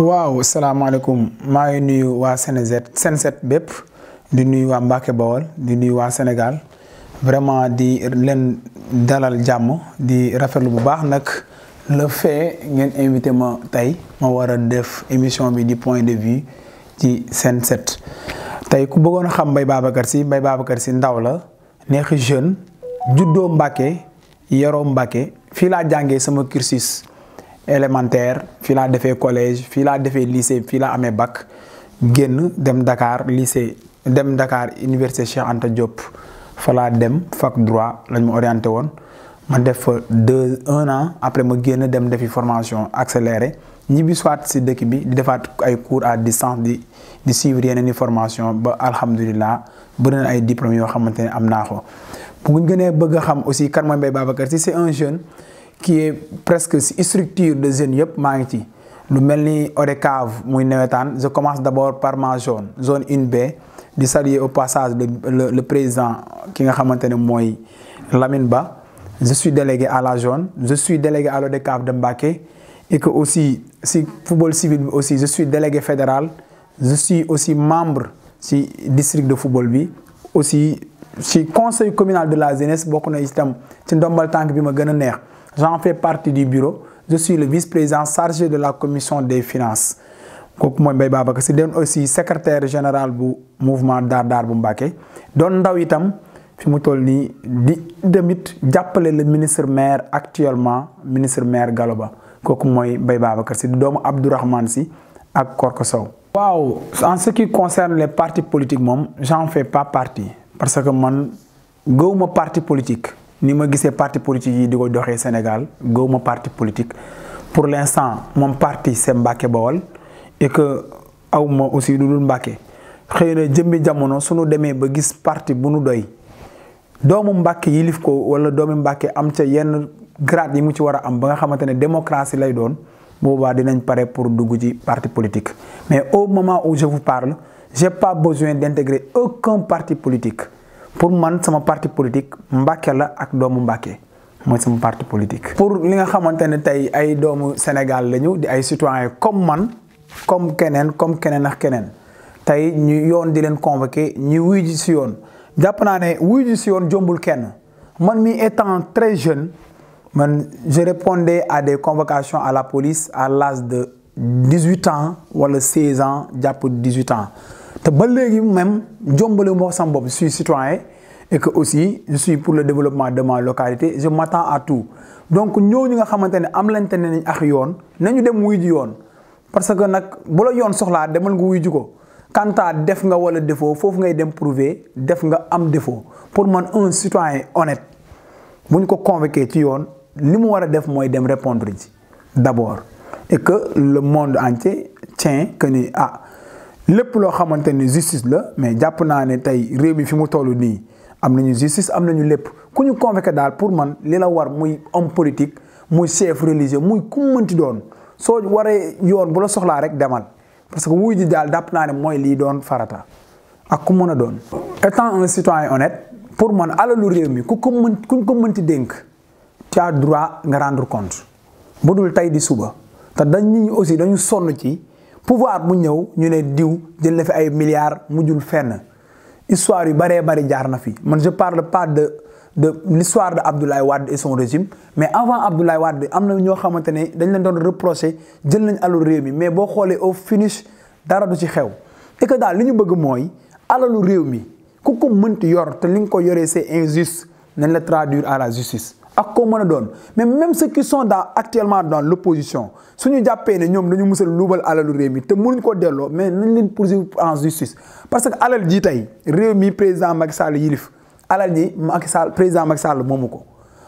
waaw salam maa ngi nuyu wa Senejet Senejet Bep, di nuyu wa Mbacke Bawol nuyu Sénégal vraiment di len dalal jamo, di rafetlu bu baax le fait ngeen invité ma tey ma def émission bi di point de vue ci Senejet Tay ku bëggoon xam Mbaye Babacar Sy Mbaye Babacar Sy ndaw la jeune fi la jangé sama cursus élémentaire fi la le collège fi la le lycée fi la amé bac génn dem Dakar lycée dem Dakar université Cheikh Anta Diop fa fac droit lañ ma orienté won un an après ma génn dem formation accélérée ni soit dëkk cours à distance di di suivre une formation ba alhamdoulillah ay diplômes yo am xam aussi c'est un jeune qui est presque structure de zone yep maïti ngi ci lu mel ni je commence d'abord par ma zone zone 1B de saluer au passage le président qui nga xamantene moy Laminba Ba je suis délégué à la zone je suis délégué à l'ODECAV de mbaké et que aussi si football civil aussi je suis délégué fédéral je suis aussi membre si district de football bi aussi si conseil communal de la jeunesse bokuna système itam ci ndombal tank bi ma gëna neex J'en fais partie du bureau. Je suis le vice-président chargé de la commission des finances. Je suis aussi secrétaire général du mouvement Dardar. Daar Je suis le ministre maire actuellement ministre maire Galoba. Je suis le ministre-maire en ce qui concerne les partis politiques je j'en fais pas partie parce que je suis un parti politique ni ma gisee parti politique yi di ko Sénégal gëwuma parti politique pour l'instant, mon parti c'est Mbacké Bawol et que aw aussi lu Mbacké xeyna xëy jamono suñu démé ba gis parti bu nu doy doomu Mbacké yilif ko wala doomu Mbacké am ca yenn grade yi mu ci wara am ba nga xamante démocratie lay doon boobaa dinañ paré pour dugg ci parti politique mais au moment où je vous parle j'ai pas besoin d'intégrer aucun parti politique pour man sama parti politique Mbàkke la ak doomu Mbàkke moy sama parti politique. pour li nga xamante tay ay doomu Sénégal lañu di ay citoyens comme man comme kenen, comme kenen ak kenen. tay ñu yoon di len convoqué ñu wuy ji si yoon japp na né wuy ji yoon jombul man mi étant très jeune man je répondais à des convocations à la police à l'âge de 18 ans wala 16 ans jàpp 18 ans te ba léegi même jombalé mo sama je suis citoyen et que aussi je suis pour le développement de ma localité je m'attends à tout donc ñooñu nga xamantene ne am lañ tane ni nañ ak yoon nañu dem wuy ji yoon parce que nak bu la yoon soxla demal nga wuy ju ko kanta def nga wala défaut fofu ngay dem prouver def nga am défaut pour man un citoyen honnête Buñ ko convoquer ci yoon li mu war def moy dem répondre d'abord et que le monde entier tient que ni ah lépp loo xamante ni justice la mais jàpp naa ne tey réew mi fi mu toll nii am nañu justice am nañu lépp ku ñu convoqué daal pour man li la war muy homme politique muy chef religieux muy ku mënti doon soo waree yoon bu la soxlaa rek demal parce que wuy ji daal jàpp naa ne mooy lii doon farata ak ku mën a doon. étant un citoyen honnête pour man alalu réew mi ku ko mën ku ko mënti dénk tu as droit nga rendre compte bu dul tey di suba te dañ nit aussi dañu sonn ci. pouvoir mu ñëw ñu ne diw jël na fi ay milliards mujjul fenn histoire yu baree bari jaar na fi man je parle pas de de l'histoire de Abdoulaye Wade et son régime mais avant Abdoulaye bi am na ñoo xamante ne dañ leen doon reprocher jël nañ alalu réew mi mais boo xoolee au finish dara du ci xew et daal li ñu bëgg mooy alalu réew mi ku ko mënti yor te li nga ko yoree c'est injuste nañ la traduire à la justice ak ko mën a doon mais même ceux qui sont dans actuellement dans l'opposition su ñu jàppee ne ñoom dañu musal luubal alalu réew mi te mënuñ koo delloo mais nañ leen poursuivre en justice parce que alal ji tey réew mi président Macky Sall yilif alal ji Macky Sall président Macky Sall moomu ko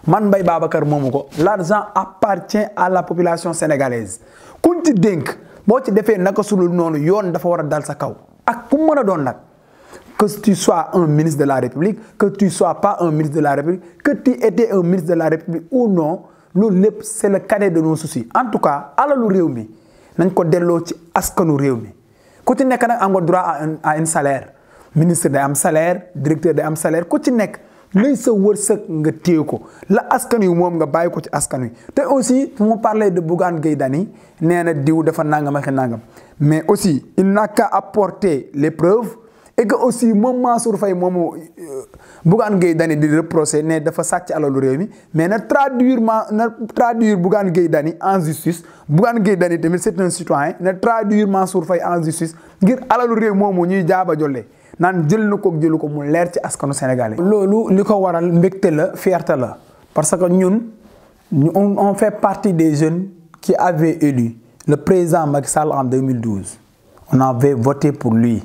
man baaba Babacar moomu ko l'argent appartient à la population sénégalaise kuñ ci dénk boo ci defee naka sulul noonu yoon dafa war a dal sa kaw ak ku mën a doon nag que tu sois un ministre de la République, que tu ne sois pas un ministre de la République, que tu étais un ministre de la République ou non, c'est le cadet de nos soucis en tout cas alalu nous réunir. Nous ko delloo ci askanu réew mi ku ci Quand am droit à un salaire ministre de am salaire directeur de am salaire quand ci lui luy sa wërsëg nga téye ko la askan wi moom nga bay ko ci askan te aussi pour me parler de Bougane Gueye néna diw dafa nangam nangam mais aussi il n'a qu'à apporter les preuves et que aussi moom Mansour Faye moomu euh, Bougane gay dani di reproché né dafa sàcc alalu rewmi mais na traduire ma traduire Bougane gay dani en justice Bougane gay dani tamit c'est un citoyen na traduire Mansour Faye en justice ngir alalu rew moomu ñuy jaaba jolle nan jël na ko ko mu leer ci askanu Sénégalais. lolu liko waral mbekté la fierté la parce que ñun on fait partie des jeunes qui avaient élu le président Macky Sall en 2012 on avait voté pour lui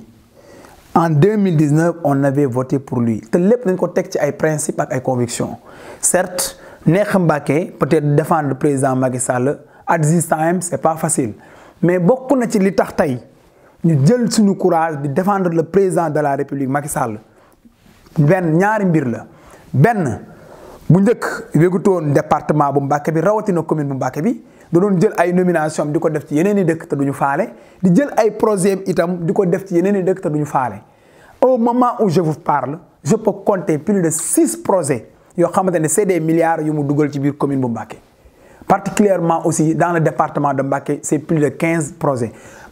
en 2019 on avait voté pour lui te le dañ ko teg ci ay principe convictions certes Neex Mbacké peut-être défendre le président Macky Sall à this time c'est pas facile mais beaucoup na ci li tax tey ñu jël courage de défendre le président de la République Macky Sall benn ñaari mbir la benn bu njëkk yëgutoon département bu a bi rawatina commune bu Mbaké, bi da doon jël ay nomination di ko def ci yeneen i dëkk te duñu faale di jël ay projet itam di ko def ci yeneen i dëkk te duñu faale au moment où je vous parle je peux compter plus de six projet yoo xamante ne c'est des milliards yu mu dugal ci biir commune bu Mbacké particulièrement aussi dans le département de Mbacké c'est plus de quinze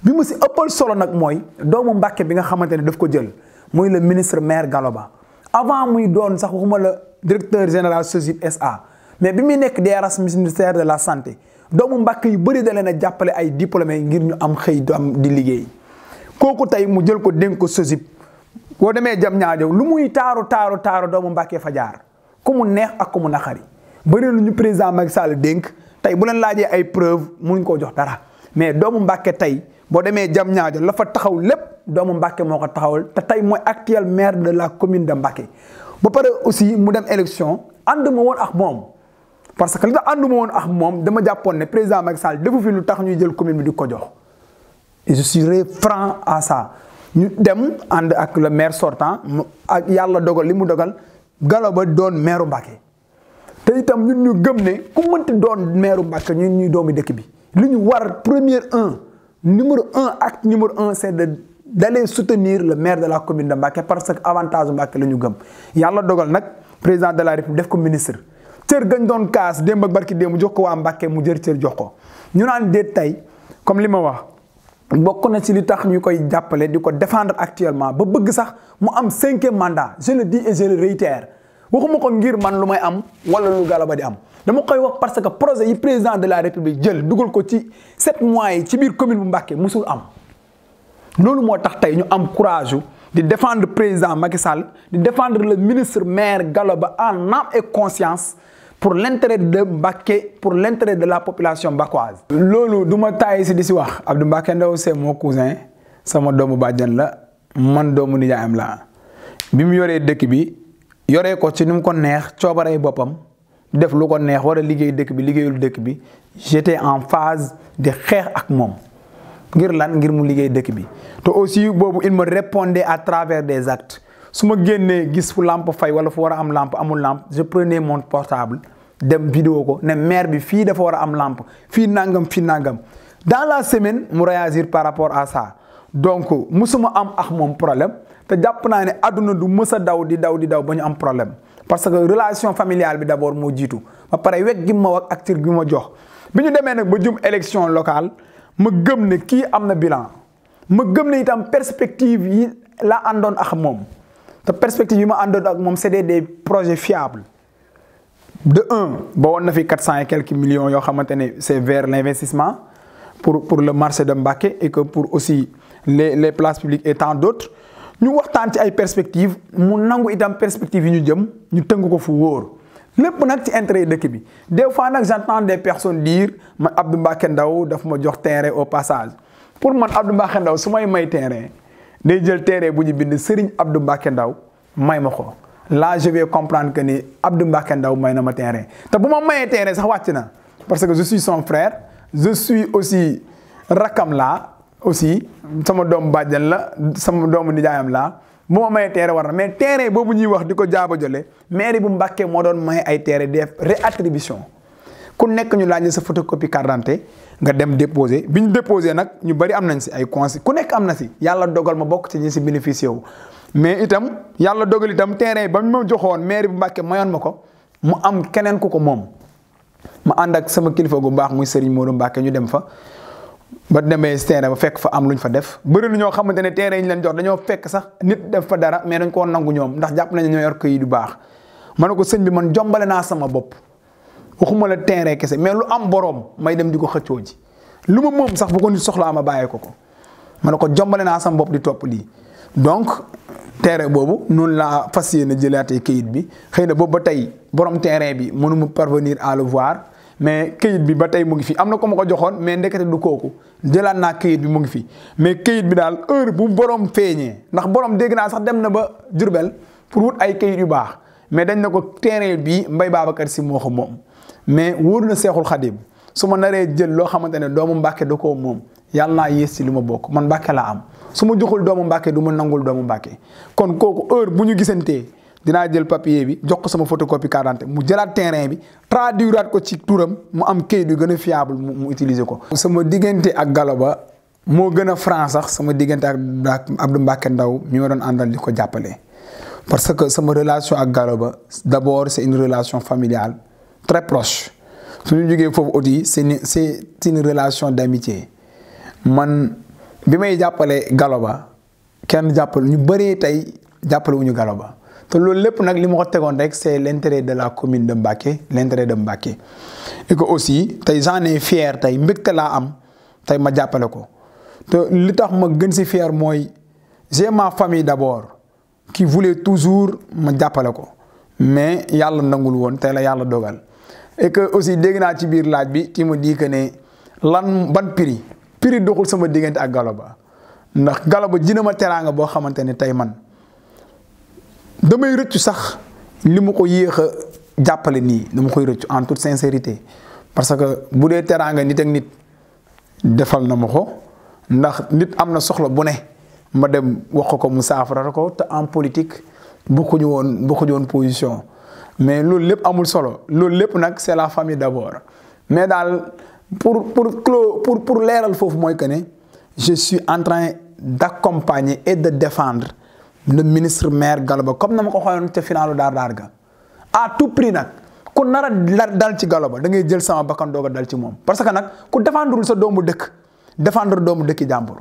bi mu si ëppal solo nag mooy doomu Mbacké bi nga xamante ne daf ko jël muy le ministre maire Gallo Ba avant muy doon sax waxuma la directeur général SOGIP SA mais bi muy nekk DRH ministère de la santé doomu mbàkk yi bëri da leen a jàppale ay diplômé ngir ñu am xëy du di liggéey kooku tey mu jël ko dénk ko sosib boo demee jam ñaajo lu muy taaru taaru taaru doomu mbàkkee fa jaar ku mu neex ak ku mu naqari bëri lu ñu président Macky saal dénk tey bu leen laajee ay preuve mun koo jox dara mais doomu mbàkke tey boo demee jam ñaajo la fa taxaw lépp doomu mbàkke moo ko taxawal te tey mooy actuel maire de la commune de Mbacké ba pare aussi mu dem élection ànd ma ak moom parce que li tax ànduma woon ak moom dama jàppoon ne président Macky Sall defu fi lu tax ñuy jël commune bi di ko jox et franc à ça ñu dem ànd ak le maire sortant ak yàlla dogal li mu dogal Gallo Ba doon maire Mbacké te itam ñun ñu gëm ne ku mënti doon maire Mbacké ñu ñuy doomi dëkk bi li ñu war premier un numéro en ak numéro un c'est de d'aller soutenir le maire de la commune de Mbacké parce que avantage Mbacké la ñu gëm yàlla dogal nag président de la République def ko ministre cër gañ doon kaas démb ak barki démb jox ko waa Mbàkke mu jër cër jox ko ñu naan déet tey comme li ma wax bokk na ci li tax ñu koy jàppale di ko défendre actuellement ba bëgg sax mu am cinquième mandat je le dis et je le réitère waxuma ko ngir man lu may am wala lu galaba di am dama koy wax parce que projet yi président de la république jël dugal ko ci sept mois yi ci biir commune bu Mbàkke musul am loolu moo tax tey ñu am courage di défendre président Macky Sall di défendre le ministre maire Galoba en âme et conscience pour l'intérêt de Mbaké, pour l'intérêt de la population mbakoise. Lolo, du ma tàyyi si di si wax Abdou Mbaké Ndao c'est mon cousin sama doomu badjan la man doomu nijaayam la bi mu yoree dëkk bi yoree ko ci ni ko neex coobaree bopam def lu ko neex wara a liggéey bi liggéeyul dëkk bi j'étais en phase de xeex ak mom ngir lan ngir mu liggéey dëkk bi to aussi bobu il me répondait à travers des actes suma ma gis fu lampe fay wala fu wara am lampe amul lampe je prenais mon portable dem vidéo ko ne maire bi fii dafa war a am làmp fii nangam fii nangam dans la semaine mu réagir par rapport à ça donc musuma am ax moom problème te jàpp naa ne àdduna du mës a daw di daw di daw ba ñu am problème parce que relation familiale bi d'abord moo jiitu ba pare wegg gi ma wax ak cër ma jox bi ñu demee nag ba jum élection locale ma gëm ne kii am na bilan ma gëm ne itam perspective yi la àndoon ak moom te perspective yi ma àndoon ak moom c'est des projets fiables de un ba a na fi et quelques millions yo c'est vers l'investissement pour pour le marché de Mbaké et que pour aussi les les places publiques et tant d'autres nous waxtan ci ay perspectives mu nangu itam perspectives nous ñu jëm ñu choses. ko fu wóor lepp nak ci intérêt dëkk bi des fois nak j'entends des personnes dire man Abdou Mbaké ndaw daf ma jox terrain au passage pour man Abdou Mbaké ndaw sumay may terrain day jël terrain bu ñu bind Serigne Abdou Mbacké ndaw may ma là je vais comprendre que ni Abdou Mbacké ndaw may na ma terrain te bu ma mayee terrain sax wàcc na parce que je son frère je suis aussi rakam laa aussi sama doomu bàjjan la sama doomu nijaayam laa bu ma mayee terrain war na mais terrain boobu ñuy wax di ko jaaba jole mairie bu Mbacké moo doon maye ay teere def réattribution ku nekk ñu laaj sa photocopie carte d'identité nga dem déposé bi ñu déposé nag ñu bari am nañ si ay conseils ku nekk am na si yàlla dogal ma bokk ci ñi si bénéficié wu mais itam yàlla dogal itam terrain ba ma joxoon maire bu Mbàkke mayoon ma ko mu am keneen ku ko moom ma ànd ak sama kilifa gu baax muy Serigne Modou Mbàkke ñu dem fa. ba demee terrain ba fekk fa am lu ñu fa def bëri lu ñoo xamante ne terrain yi leen jox dañoo fekk sax nit def fa dara mais dañ koo nangu ñoom ndax jàpp nañ ñoo yor këyit du baax ma ne ko sëñ bi man jombale naa sama bopp waxuma la terrain kese mais lu am boroom may dem di ko xëccoo ji lu ma moom sax bu ko nit soxlaa ma bàyyee ko ko ma ne ko jombale naa sama bopp di topp lii donc. terrain boobu noonu laa fas yéene jëlaatee kayit bi xëy na boobu ba tey borom terrain bi mënu mu parvenir à le voir mais kayit bi ba tey mu ngi fi am na ko ma ko joxoon mais ndekete du kooku jëlaat naa kayit bi mu ngi fi. mais kayit bi daal heure bu borom feeñee ndax borom dégg naa sax dem na ba Jurbel pour wut ay kayit yu baax mais dañ na ko terrain bi mbay Babacar Sy moo ko moom mais wóor na Seexul Xadim su ma naree jël loo xamante ne doomu mbake da koo moom yàlla naa yées ci li ma bokk man Mbàkke laa am. suma ma joxul doomu Mbàkke du nangul doomu Mbàkke kon kooku heure buñu gisenté dina jël papier bi jox ko sama photocopie carte mu jëlaat terrain bi traduiraat ko ci touram mu am kayit yu gëna fiable mu mu utiliser ko. sama diggante ak galoba mo gëna gën franc sax sama diggante ak Abdou Mbàkke Ndaw mi ma doon andal liko jappalé parce que sama relation ak galoba d'abord c'est une relation familiale très proche suñu ñu jógee foofu aussi c'est c'est une relation d'amitié man. bi may jàppale Galo Ba kenn jàppale ñu bëree tey jàppale wu ñu Galo Ba te loolu lépp nag li ma ko tegoon rek c' est l' intérêt de la commune de Mbacké l' intérêt de Mbacké aussi tey j'en ai fier tey mbégte laa am tey ma jàppale ko te li tax ma gën si fier mooy j'ai ma famille d' abord qui voulait toujours ma jàppale ko mais yàlla nangul woon tey la yàlla dogal et que aussi dégg naa ci biir laaj bi ki ma di que lan ban prix. prix doxul sama diggante ak Galo Ba ndax Galo Ba dina ma teraanga boo xamante ne tey man damay rëccu sax li mu ko yéex a jàppale nii dama koy rëccu en toute sincérité parce que bu dee teraanga nit ak nit defal na mu ko ndax nit am na soxla bu ne ma dem wax ko mu saafara ko te en politique bokkuñu woon bokkuñu woon position mais loolu lépp amul solo loolu lépp nag c'est la famille d'abord mais daal pour pour pour pour leeral foofu moy que je suis en train d'accompagner et de défendre le ministre maire Galoba comme na ma ko xooyoon te finaalu daar daar ga à tout prix nak ku nar a dal ci Galoba da ngay jël sama bakkan doog dal ci mom parce que nak ku défendre sa doomu deuk défendre doomu deuk jambour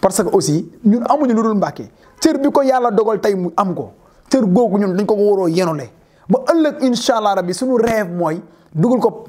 parce que aussi ñun amuñu lu dul Mbàkke cër bi ko yalla dogal tay mu am ko cër googu ñun dañ ko woro yenole ba ëllëg inshallah allah rabi suñu rêve moy dugul ko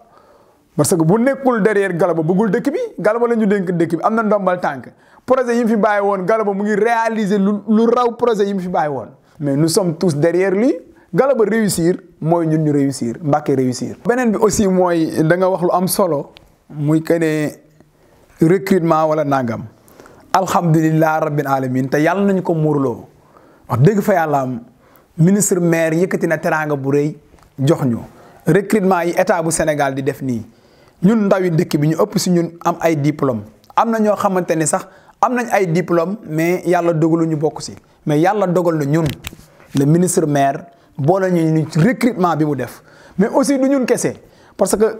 parce que bu nekkul derrière Galaba bëggul dëkk bi Galaba la ñu dénk dëkk bi am na ndombal tànk projet yi mu fi bàyyi woon Galaba mu ngi réaliser lu lu raw projet yi mu fi bàyyi woon. mais nous sommes tous derrière lui Galaba réussir mooy ñun ñu réussir Mbacké réussir. beneen bi aussi mooy da nga wax lu am solo muy que ne recrutement wala nangam alhamdulilah rabbil alamin te yàlla nañu ko muurloo wax dëgg fa yàlla am ministre maire yëkkati na teraanga bu rëy jox ñu recrutement yi état bu Sénégal di def nii. ñun yi dëkk bi ñu ëpp si ñun am ay diplôme am na ñoo xamante ne sax am nañ ay diplôme mais yàlla dogalu ñu bokk si mais yàlla dogal na ñun le ministre maire boole ñu ñu recrutement bi mu def mais aussi du ñun kese parce que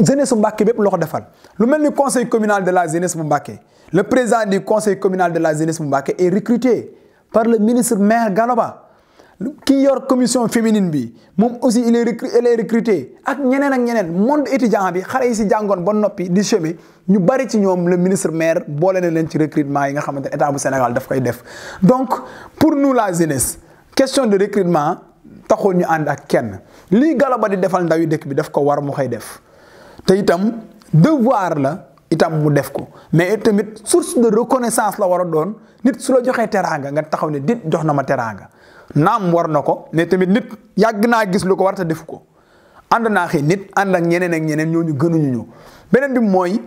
jeunesse bu Mbacké bépp loo ko defal lu mel ni conseil communal de la jeunesse bu le président du conseil communal de la jeunesse bu est recruté par le ministre maire Galoba ki yor commission féminine bi mom aussi il est il est recruté ak ñeneen ak ñeneen monde étudiant bi xale yi si jàngoon ba noppi di chemin ñu bari ci ñom le ministre maire bolé na len ci recrutement yi nga xamante état bu Sénégal daf koy def donc pour nous la jeunesse question de recrutement taxoon ñu and ak kenn li Galaba di defal ndawi dekk bi daf ko war mu xey def te itam devoir la itam mu def ko mais tamit source de reconnaissance la wara doon nit su la joxé teraanga nga taxaw ni dit jox na ma nam war na ko tamit nit yàgg naa gis lu ko war te defu ko ànd naa xëy nit and ak ñeneen ak ñeneen ñu gënu ñu ñu benen bi moy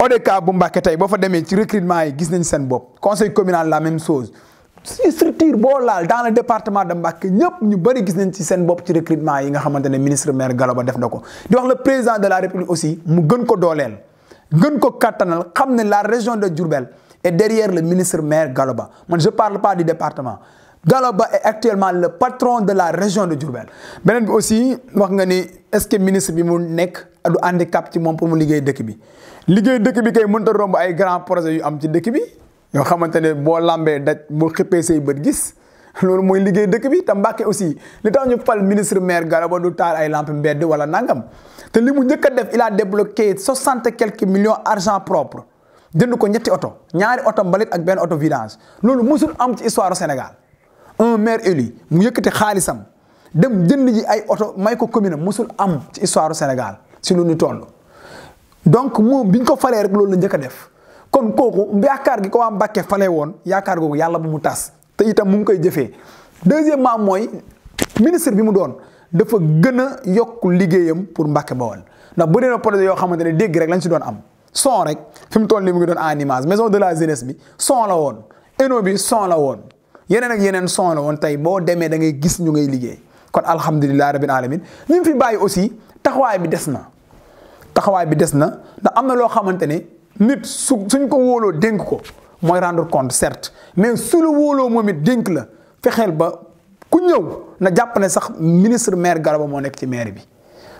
ODCAV bu mbacké tay bo fa démé ci recrutement yi gis nañ seen bop conseil communal la même chose si structure bo laal dans le département de Mbacké ñëpp ñu bari gis nañ ci seen bop ci recrutement yi nga xamantene ministre maire Galoba def nako di wax le président de la République aussi mu gën ko dolel gën ko katanal xamné la région de Diourbel et derrière le ministre maire Galoba man je parle pas du département Gallo Ba est actuellement le patron de la région de Diourbel beneen bi aussi wax nga ni est-ce que ministre bi mu nekk du handicap ci moom pour mu liggéey dëkk bi liggéey dëkk bi kay mënta romb ay grands projet yu am ci dëkk bi yoo xamante ne boo lambee daj boo xëppee say bët gis loolu mooy liggéey dëkk bi te Mbàkke aussi li tax ñu fal ministre maire Gallo Ba du taal ay lampe mbedd wala nangam te li mu njëkk a def il a débloqué soixante quelques million argent propre jënd ko ñetti oto ñaari oto mbalit ak benn oto vidange loolu musul am ci histoire Sénégal un maire élu mu yëkkati xaalisam dem jënd ji ay oto may ko commune am musul am ci histoire Sénégal si lu ñu toll. donc moom bi ko falee rek loolu la njëkk a def kon kooku yaakaar gi ko waa Mbàkke falee woon yaakaar googu yàlla bu mu tas te itam mu ngi koy jëfee deuxièmement mooy ministre bi mu doon dafa gën a yokk liggéeyam pour Mbàkke Bawol ndax bu dee projet yoo xamante ne dégg rek lañ si doon am son rek fi mu toll nii mu ngi doon en image maison la jeunesse bi son la woon eno bi son la woon. yenen ak yenen son la woon tey boo demee da ngay gis ñu ngay liggéey kon alhamdullilah rabbil alamin li fi bàyyi aussi taxaway bi desna taxaway bi desna da amna lo xamantene nit suñ ko wolo dénk ko moy rendre compte certes mais su lu wolo momit dénk la fexel ba ku ñëw na jàpp ne sax ministre maire Garaba mo nek ci maire bi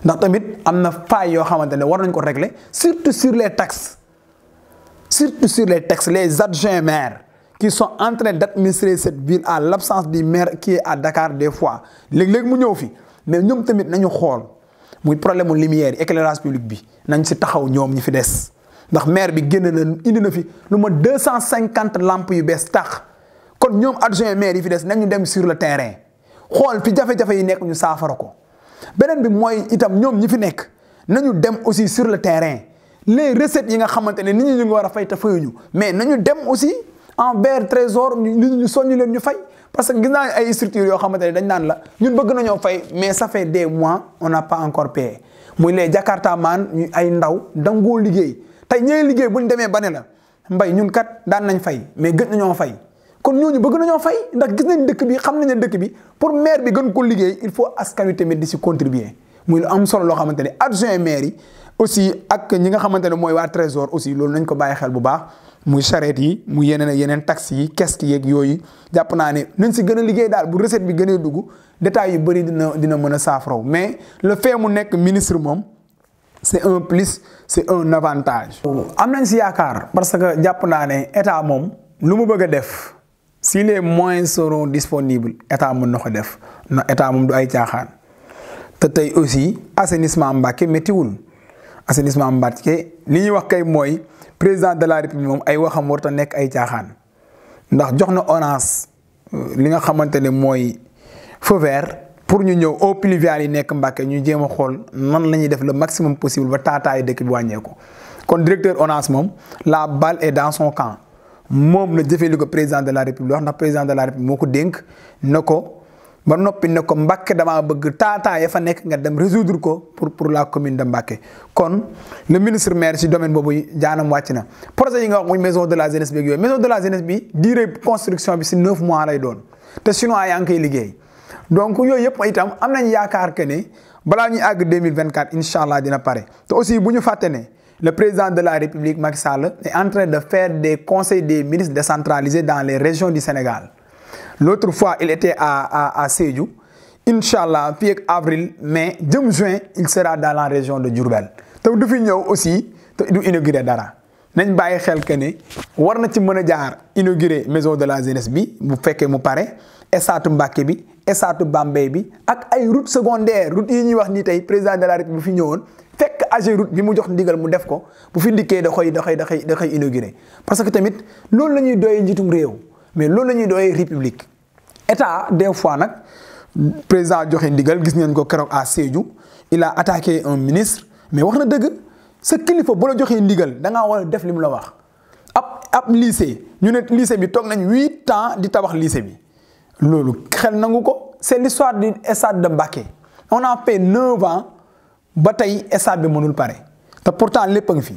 ndax tamit amna fay yo xamantene war nañ ko régler surtout sur les taxes surtout sur les taxes les adjoints maires qui sont en train d'administrer cette ville à l'absence du maire qui est à Dakar des fois les léeg mu ñëw fi mais nous tamit nañu xool muy problème mu lumière éclairage public bi nañ ci taxaw ñoom ñi fi des ndax maire bi génn na indi na fi lu 250 lampes yu bees tax kon ñoom adjoint maire yi fi des nañu dem sur le terrain xool fi jafe-jafe yi nekk ñu saafara Benen bi moy itam ñom ñi fi nek nañu dem aussi sur le terrain les recettes yi nga xamante ne nit ñi ñu ngi war a fay te fayuñu mais nañu dem aussi envers trésor ñu soñu leen ñu fay parce que gis naa ay structure yoo xamante dañ naan la ñun bëgg nañoo fay mais ça fait des mois on n'a pas encore payé muy les Jakarta man ñu ay ndaw dangoo liggéey tey ñooy liggéey buñ ñu demee ba ne la mbay ñun kat daan nañ fay mais gëj nañoo fay kon ñooñu bëgg nañoo fay ndax gis nañ dëkk bi xam nañ dëkk bi pour maire bi gën ko liggéey il faut askan wi tamit di si contribuer muy lu am solo loo xamante ne adjoint maire yi aussi ak ñi nga xamante ne mooy waa trésor aussi loolu nañ ko bàyyi xel bu baax muy charrette yi mu yeneen ak yeneen tax yi casque yeeg yooyu jàpp naa ne nañ si gën a liggéey daal bu recette bi gënee dugg détails yu bëri dina dina mën a saafaraw mais le fait mu nekk ministre moom c'est un plus c'est un avantage. am nañ si yaakaar parce que jàpp naa ne état moom lu mu bëgg a def si les moyens seront disponibles état mën na ko def na état moom du ay caaxaan te tey aussi assainissement Mbacké méttiwul. assainissement Mbacké li ñuy wax kay mooy président de la république moom ay waxam warut a nekk ay caaxaan ndax jox na ONAS euh, li nga xamante ne mooy feu vert pour ñu ñëw eaux pluviales yi nekk Mbacké ñu jéem a xool nan la ñuy def le maximum possible ba taataayu dëkk bi wàññeeku. kon directeur ONAS moom la balle est dans son camp moom la jëfee li ko président de la république wax ndax président de la république moo ko dénk na ko. ba noppi ne ko Mbàkke damaa bëgg taataa ya fa nek nga dem résoudre ko pour pour la commune de Mbàkke kon le ministre maire ci domaine bobu janam wàcc na projet yi nga wax muy maison de la jeunesse bi maison de la jeunesse bi durée construction bi ci neuf mois lay doon te chinois yaa ngi koy liggéey donc yooyu yëpp itam am nañ yaakaar que ne bala ñuy ag 2024 inshallah dina paré te aussi buñu faté né le président de la République Macky Sall est en train de faire des conseils des ministres décentralisés dans les régions du Sénégal L'autre fois, il était à, à, Inch'Allah, puis avril, mai, juin, il sera dans la région de Djurbel. Donc, nous aussi, inaugurer Dara. que ne maison de la jeunesse bi bu mu bi bi ak ay route secondaire route yi wax ni président de la République fi que fekk route bi mu jox ndigal mu def ko bu fi inaugurer parce que tamit loolu lañuy mais la république état des fois nak président joxe ndigal gis ngeen ko kérok à Sédhiou il a attaqué un ministre mais waxna deug Ce kilifa bo la joxe ndigal da nga war def lim la wax ab ab lycée ñu né lycée bi tok nañ huit ans di tabax lycée bi lolu xel nangu c'est l'histoire du stade de Mbacké on a fait neuf ans ba tey stade bi mënul pare ta pourtant lepp ngi fi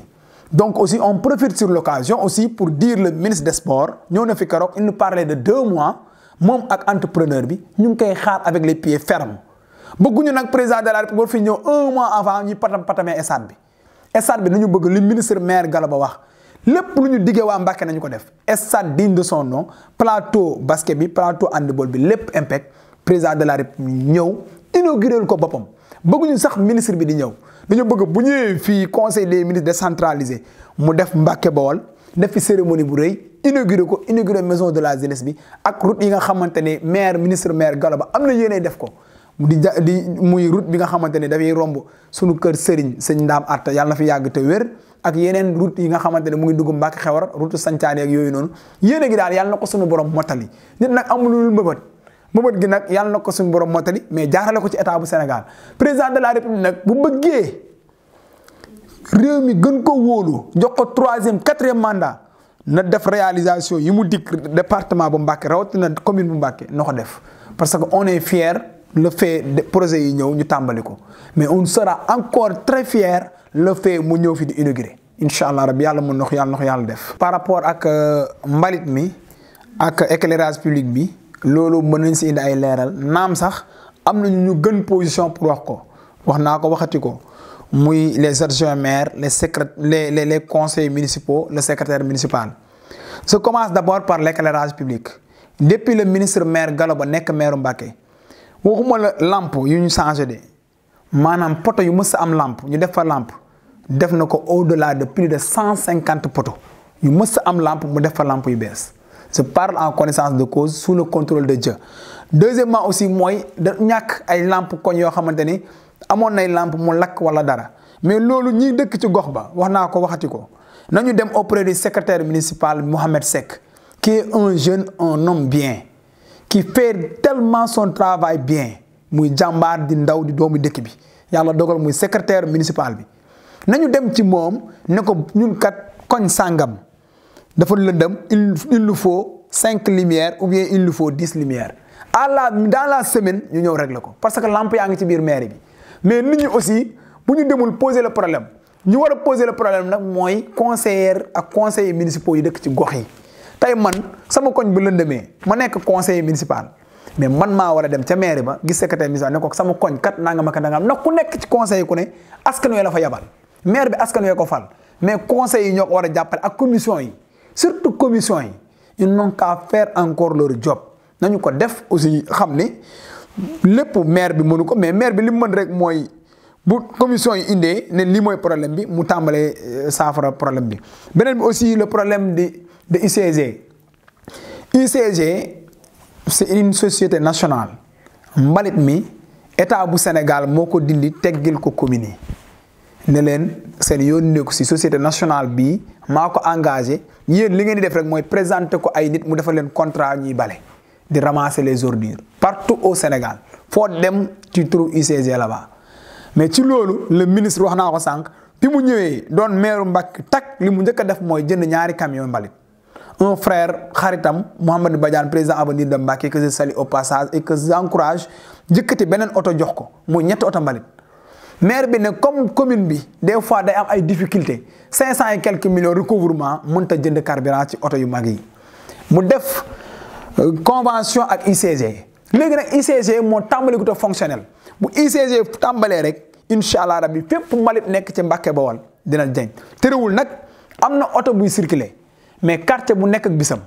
donc aussi on profite sur l'occasion aussi pour dire le ministre des sports ñëw na fi keroog il nous parlait de deux mois moom ak entrepreneur bi ñu ngi koy xaar avec les pieds fermes bëgguñu nag président de la république fi ñëw un mois avant ñuy patam patamee stade bi stade bi nañu bëgg li ministre maire Galo Ba wax lépp lu ñu diggee waa Mbàkke nañu ko def estade bi de son nom plateau basket bi plateau handball bi lépp impact président de la république ñëw inaugurer ko boppam bëgguñu sax ministre bi di ñëw dañu bëgg bu ñëwee fii conseil des de décentralisé mu def Mbàkke Bawol def fi cérémonie bu rëy. inauguré ko inauguré maison de la jeunesse bi ak route yi nga xamante ne maire ministre maire Gallo Ba am na yéene def ko di di muy route bi nga xamante ne dafay romb sunu kër Serigne sëñ Ndaam Atta yàlla na fi yàgg te wér ak yeneen route yi nga xamante ne mu ngi dugg Mbàkke Xewar route sancaane ak yooyu noonu yéene gi daal yàlla na ko sunu borom mottali nit nag amul lu mbëbët mbëbët gi nag yàlla na ko sunu borom mottali mais jaarale ko ci état bu Sénégal président de la république nag bu bëggee réew mi gën ko wóolu jox ko troisième quatrième mandat. na def réalisation yi mu dikk département bu Mbacké la commune bu Mbaké, na ko def parce que on est fier le fait de projet yi ñëw ñu tàmbali mais on sera encore très fier le fait mu ñëw fi di inauguré incha allah rabi yàlla mën na ko yàlla na def. par rapport ak euh, mbalit mi ak éclairage public bi loolu mën nañ si indi ay leeral naam sax ñu gën position pour wax ko wax naa ko waxati ko muy les adjoints maires les conseillers les les les municipaux le secrétaire municipal. je commence d'abord par l'éclairage public depuis le ministre maire Galoba n'est que maire Mbacké waxuma la lampe yu ñu changé de maanaam poto yu mës a am lampe ñu def fa lampe def na au-delà de plus de 150 poteaux. poto yu mës a am lampe mu def fa lampe yu bees je parle en connaissance de cause sous le contrôle de Dieu deuxièmement aussi il da a ay lampe koñ yoo xamante amoon nay làmp mu lakk wala dara mais loolu ñiy dëkk ci gox ba wax naa ko waxati ko nañu dem auprès du secrétaire municipal Mohamed Seck qui est un jeune un homme bien qui fait tellement son travail bien muy jàmbaar di ndaw di doomu dëkk bi yàlla dogal muy secrétaire municipal bi nañu dem ci moom ne ko ñun kat koñ sàngam dafa lëndëm il il nous faut cinq lumières ou bien il nous faut dix lumières à la semaine ñu ñëw régler ko parce que lampe yaa ngi ci biir mairie bi mais nous aussi nous devons poser le problème nous devons poser le problème nag mooy et à conseillers municipaux de dëkk ci ça nous conseiller municipal mais man m'a wara dem devons ba secrétaire municipal devons sama koñ kat nga ku ci conseil mais conseil ñok wara commission yi surtout commission ils n'ont qu'à faire encore leur job nañu ko def aussi ramener. lépp maire bi mënu ko mais maire bi li mu mën rek mooy bu commission yi indee ne lii mooy problème bi mu tàmbalee euh, saafara problème bi beneen bi aussi le problème de de UCG UCG c'est une société nationale mbalit mi état bu Sénégal moo ko dindi teggil ko commune yi ne leen seen yoon nekku si société nationale bii maa ko engagé yéen li ngeen di def rek mooy présenter ko ay nit mu defal leen contrat ñuy bale di ramasser les ordures partout au Sénégal foo dem ci turu UCG là-bas mais ci loolu le ministre wax naa ko sànq bi mu ñëwee doon meeru Mbàkke tak li mu njëkk a def mooy jënd ñaari camion mbalit un frère xaritam Mouhamadou Badiane président avenir de Mbàkke que je salue au passage et que j'encourage jëkkati beneen oto jox ko muy ñetti oto mbalit maire bi ne comme commune bi des fois day am ay difficultés cinq cent et quelques millions recouvrement mënut a jënd carburant ci oto yu mag yi mu def euh, convention ak UCG léegi nag ICG moo tàmbali ko te fonctionnel bu ICG tàmbalee rek incha allah rabbi fépp mbalit nekk ci Mbàkke Bawol dina jañ terewul nag am na oto buy circuler mais quartier bu nekk ak bisam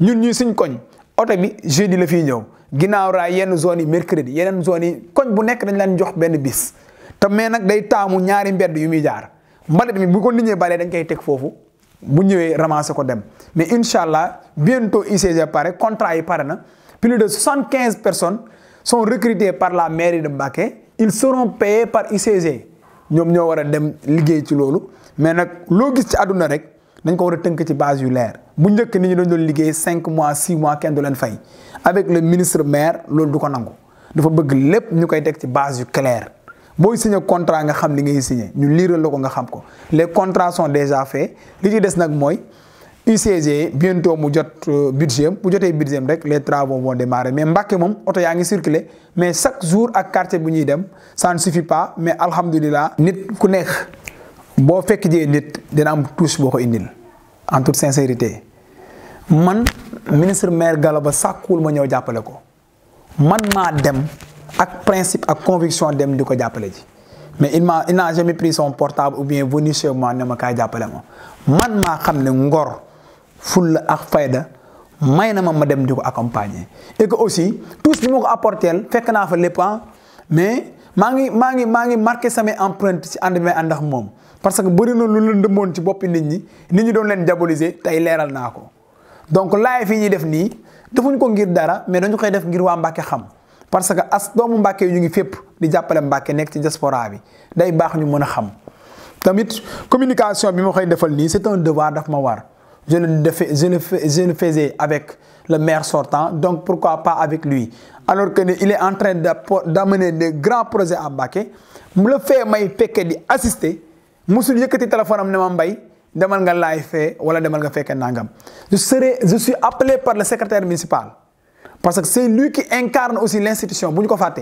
ñun ñuy suñ koñ oto bi jeudi la fiy ñëw ginnaaw raay yenn zone yi mercredi yeneen zone yi koñ bu nekk dañ leen jox benn bis te mais nag day taamu ñaari mbedd yu muy jaar mbalit mi bu ko nit ñee balee dañ koy teg foofu bu ñëwee ramasser ko dem mais incha allah bientôt ICG pare contrat yi pare na. Plus de 75 personnes sont recrutées par la mairie de Mbaké. Ils seront payés par ICG. Nous, ñoo war dem mais nag loo gis ci àdduna rek dañ ko base yu l'air. bu njëkk nit 5 mois 6 mois 15 mois, avec le ministre maire nous du ko nangu dafa bëgg lépp ñu koy ci base yu claire booy signé contrat nga xam li ngay signé ñu nga xam ko les contrats sont déjà faits li ci des nag UCG bientôt mu jot euh, budget bu jotee budget rek les travaux vont démarrer mais Mbacké mom auto yaa ngi circuler mais chaque jour ak quartier bu ñuy dem ça ne suffit pas mais alhamdoulillah nit ku neex bo fekk jee nit dina am touche boko indil en toute sincérité man ministre maire Gallo sakul ma ñëw jappalé ko man ma dem ak principe ak conviction dem diko jappalé ji mais il m'a il n'a jamais pris son portable ou bien venu chez moi ne ma kaay jappalé mo man ma xamné ngor. Full ak fayda mayna ma ma dem diko accompagner et que aussi tous ce bi ma ko apportel fekk naa fa lépp ah. mais mangi mangi mangi marquer sa mes marqué empreinte ci ànd mais andax mom parce que beurina lu le demone ci bop nit ñi nit ñi doon len diaboliser tay leral nako donc laay fi ñuy def ni defuñ ko ngir dara mais dañu koy def ngir wa xam parce que as doomu ñu ngi fep di jappale nek ci diaspora bi day bax ñu mëna xam tamit communication bi ma koy defal ni c'est un devoir daf ma war Je ne, je, ne faisais avec le maire sortant, donc pourquoi pas avec lui Alors qu'il est en train d'amener de grands projets à Baké, le fait que je assister, je suis téléphone je, serai, je suis appelé par le secrétaire municipal parce que c'est lui qui incarne aussi l'institution. Si nous avons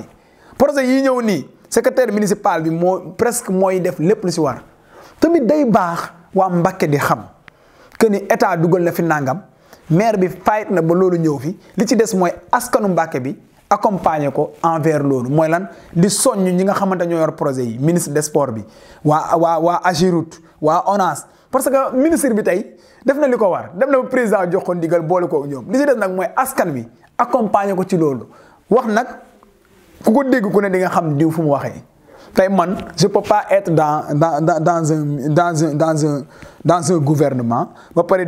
projet, le secrétaire municipal presque moi il fait le plus. Tout le de ham. que ni état dugal na fi nangam maire bi fayit na ba loolu ñëw fi li ci des mooy askanu Mbàkke bi accompagner ko envers loolu mooy lan li soññ ñi nga xamante ñoo yor projet yi ministre des sports bi waa waa waa Agirout waa ONAS parce que ministre bi tey def na li ko war dem na président jox ko ndigal boole ko ñoom li ci des nag mooy askan wi accompagner ko ci loolu wax nag ku ko dégg ku ne di nga xam diw fu mu waxee je ne peux pas être dans, dans, dans, un, dans, un, dans, un, dans un gouvernement. Je parler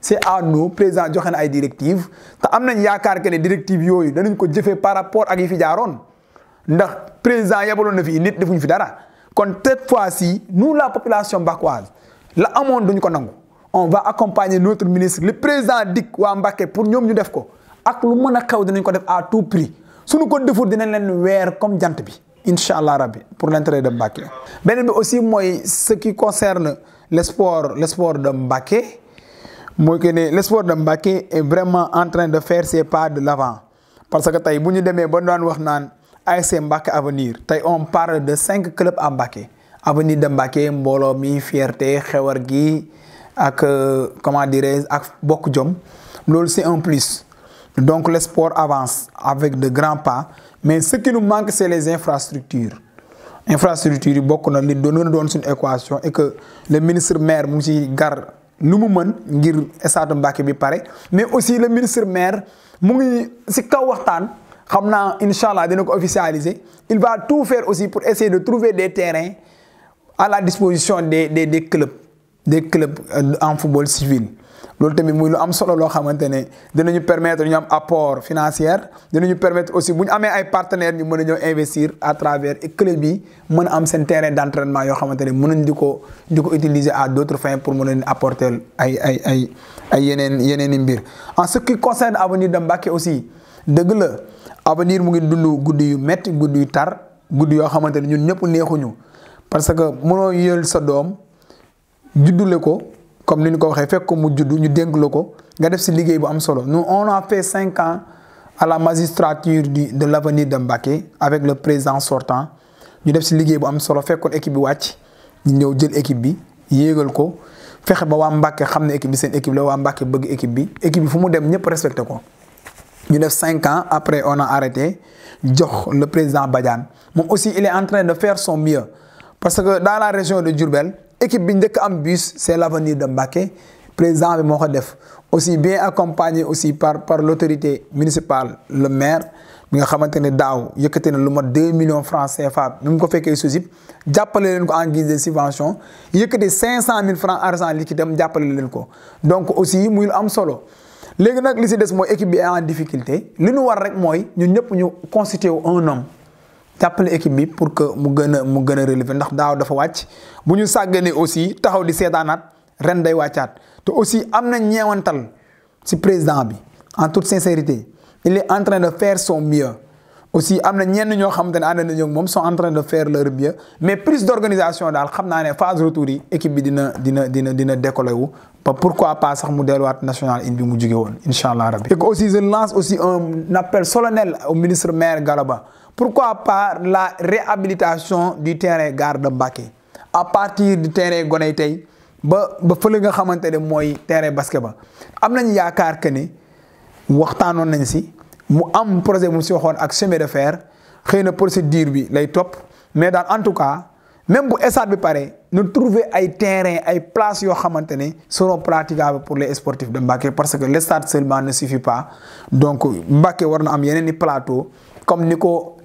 C'est à nous, président, de des directives. que directives par rapport à Le président pas des Donc, cette fois-ci, nous, la population bakoise, la on va accompagner notre ministre, le président Dick Wambake, pour nous, nous nous, nous à tout prix suñu ko deful dinañ leen weer comme jant bi inshallah pour l'intérêt de Mbacké beneen bi aussi moy ce qui concerne l'esport, l'esport de Mbacké moy que de Mbacké est vraiment en train de faire ses pas de l'avant parce que tay buñu démé demee ba daan wax naan ASC Mbacké avenir tay on parle de cinq clubs à Mbacké avenir de Mbacké mbolo mi fierté xewar gi ak euh, comment dirais ak bokk jom c'est un plus donc le sport avance avec de grands pas, mais ce qui nous manque, c'est les infrastructures. Infrastructures, faut que nous donnions une équation et que le ministre maire garde lu il est ngir mais aussi le ministre maire il va tout faire aussi pour essayer de trouver des terrains à la disposition des clubs des clubs euh, en football civil. loolu tamit muy lu am solo loo xamante ne dinañu permettre ñu am apport financier dinañu permettre aussi bu ñu amee ay partenaires ñu mën a ñëw investir à travers club mën a am seen terrain d' entraînement yoo xamante ne mën nañ di ko di ko utiliser à d' autres fins pour mën leen apporter ay ay ay ay yeneen yeneen i mbir. en ce qui concerne avenir de Mbacké aussi dëgg la avenir mu ngi dund guddi yu métti guddi yu tar guddi yoo xamante ne ñun ñëpp neexuñu parce que mënoo yël sa doom juddule ko. comme nous nous ko comme nous ko mu juddu ñu dénk la ko nga def bu am solo nous on a fait 5 ans à la magistrature du de l'avenir de Mbacké avec le président sortant ñu def fait liggéey bu am solo équipe bi wàcc ñu ñëw jël équipe bi yéegal ko fexe ba waa Mbacké xam équipe bi seen équipe la waa Mbacké bëgg équipe bi équipe bi fu dem ñëpp respecter ko. ñu def cinq ans après on a arrêté jox le président Badian. Mais aussi il est en train de faire son mieux parce que dans la région de Diourbel. L'équipe de c'est c'est l'avenir de Mbacké présent avec aussi bien accompagné aussi par par l'autorité municipale le maire bi a fait 2 millions de 2 millions francs CFA nous avons fait que SOSIP jàppale a ko en guise de subvention a cinq 500 000 francs argent liquide donc aussi il lu am solo léegi équipe est en difficulté li nous war rek mooy ñun ñëpp constitué un homme J'appelle équipe pour que mu gën mu gën relever ndax dafa aussi taxaw di ren day aussi na président en toute sincérité il est en train de faire son mieux aussi amna ñenn ñoo xamantene ne nañu sont en train de faire leur mieux mais plus d'organisations dal xamna né phase retour yi équipe bi dina dina dina dina décoller wu pourquoi pas sax mu delluwaat national in bi mu won inshallah rabbi et aussi je lance aussi un appel solennel au ministre maire Galaba pourquoi pas la réhabilitation du terrain Garde de à partir du terrain Goney tay ba ba fële nga xamantene moy terrain basket ba amnañ yaakar yaakaar que ne waxtaanoon nañ si mu am projet bu mu si waxoon ak chemin de fer xëy na procédure bi lay top mais dans en tout cas même pour stade bi pare nous trouver ay terrain ay places yoo xamante seront praticables pour les sportifs de Mbacké parce que le seulement ne suffit pas donc Mbacké war na am yeneen plateau comme ni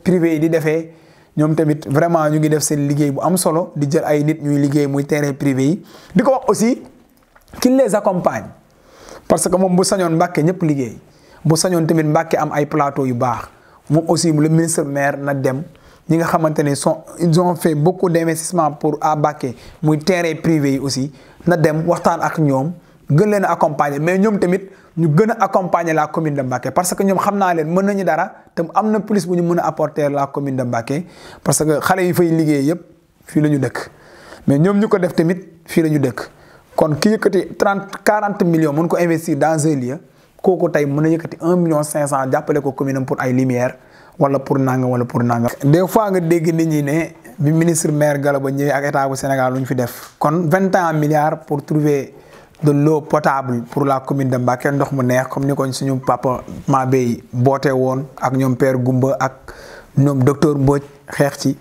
privé yi di defee ñoom tamit vraiment ñu ngi def seen liggéey bu am solo di jël ay nit ñuy terrain privé yi di wax aussi qui les accompagne parce que moom bu sañoon Mbacké ñëpp liggéey. bu sañoon tamit Mbàkke am ay plateau yu baax moom aussi le ministre maire na dem ñi nga xamante ne sont ils ont fait beaucoup d' investissement pour à Mbàkke muy terrain privé yi aussi na dem waxtaan ak ñoom gën leen a accompagner mais ñoom tamit ñu gën a accompagner la commune de Mbacké parce que ñoom xam naa leen mën nañu dara te am na plus bu ñu mën a apporter la commune de Mbacké parce que xale yi fay liggéey yëpp fii la ñu dëkk mais ñoom ñu ko def tamit fii la ñu dëkk kon ki yëkkati trente quarante millions mën ko investir dans un kooku tey mun a yëkkati un million cinq cent jàppale ko commune pour ay lumière wala pour nanga wala pour nanga des fois nga dégg nit ñi ne bi ministre maire Galaba ñëwee ak état bu Sénégal lu fi def kon vingt et un milliards pour trouver de l'eau potable pour la commune de Mbacké ndox mu neex comme ni ko suñu maa Mabey boote woon ak ñoom père Goumba ak ñoom docteur Mbodj xeex ci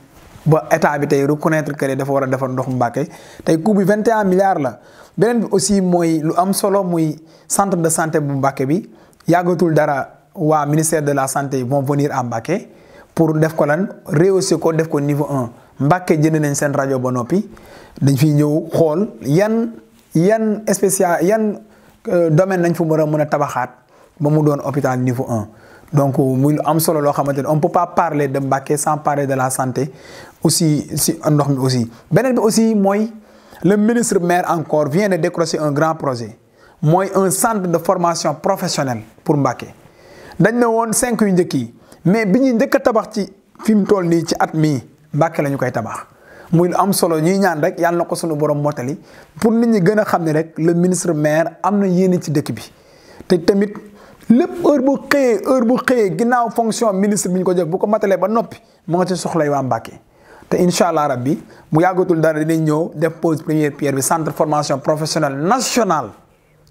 ba état bi tay reconnaître que ne dafa wara a defar Mbacké tay coût bi 21 milliards la benen aussi moy lu am solo moy centre de santé bu Mbacké bi yagatul dara wa ministère de la santé vont venir à Mbacké pour def ko lan rehausser ko def ko niveau 1 Mbacké jënd nañ sen radio bo nopi dañ fi ñëw xol yan yan spécial yan euh, domaine nañ fu mëna a mën ba mu doon hôpital niveau 1 donc euh, muy am solo ne on peut pas parler de Mbacké sans parler de la santé aussi si ndox mi aussi beneen bi aussi moi le ministre maire encore vient de décrocher un grand projet moi un centre de formation professionnelle pour Mbacké dañ ne woon 5 yu qui yi mais bi ñuy njëkk a tabax ci fi mu toll ci at mii Mbacké la ñu koy tabax muy lu am solo ñuy ñaan rek yalla nako suñu borom motali pour nit ñi gëna xamné rek le ministre maire amna yéene ci dëkk bi té tamit lepp heure bu xëyee heure bu xëyee ginnaaw fonction ministre bi ko jëf bu ko matalé ba nopi mo nga ci soxlay wa Mbàkke te inshallah allah rabbi mu yàggatul dara dinañ ñëw def pose première pierre bi centre formation professionnelle nationale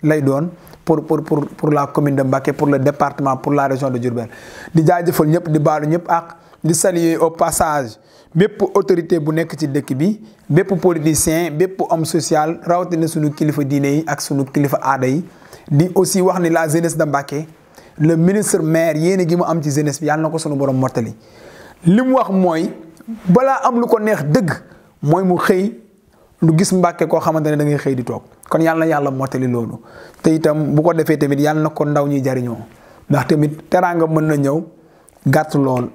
lay doon pour pour pour pour la commune de Mbacké pour le département pour la région de Diourbel di jaajëfal ñëpp di baalu ñëpp ak di saluer au passage bépp autorité bu nekk ci dëkk bi bépp politicien bépp homme social rawatina suñu kilifa diine yi ak suñu kilifa aada yi. di aussi wax ni la jeunesse de Mbacké le ministre maire yéene gi mu am ci jeunesse bi yàlla na ko sunu borom mottali li mu wax mooy balaa am lu ko neex dëgg mooy mu xëy lu gis Mbacké koo xamante ne da ngay xëy di toog kon yàlla yàlla mottali loolu te itam bu ko defee tamit yàlla na ko ndaw ñi jariñoo ndax tamit teraanga mën na ñëw gàtt lool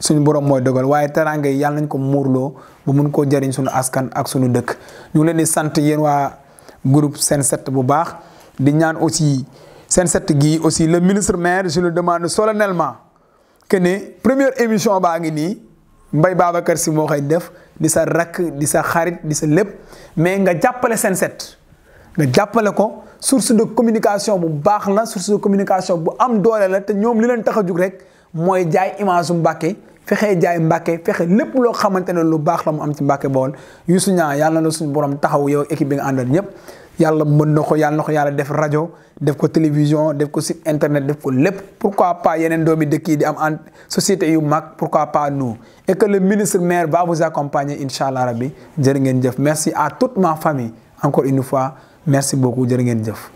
suñu borom mooy dogal waaye teraanga yi yàlla nañ ko muurloo ba mun koo jariñ suñu askan ak suñu dëkk ñu ngi leen di sant yéen waa groupe Sen7 bu baax di ñaan aussi seen set gi aussi le ministre maire je le demande solennellement que ne première émission baa ngi nii mbay Babacar Sy moo koy def di sa rakk di sa xarit di sa lépp mais nga jàppale seen set nga jàppale ko source de communication bu baax la source de communication bu am doole la te ñoom li leen tax a jug rek mooy jaay image su Mbàkke fexe jaay Mbàkke fexe lépp loo xamante ne lu baax la mu am ci Mbàkke Bawol Youssou Niang yàlla na la suñu borom taxaw yow équipe bi nga àndal ñëpp yalla mën na ko yàlla na ko des def radio def ko télévision def ko site internet def ko lépp pourquoi pas il y dëkk yi di am en société yu mag pourquoi pas nous et que le ministre maire va vous accompagner incha allah rabbi merci à toute ma famille encore une fois merci beaucoup jërë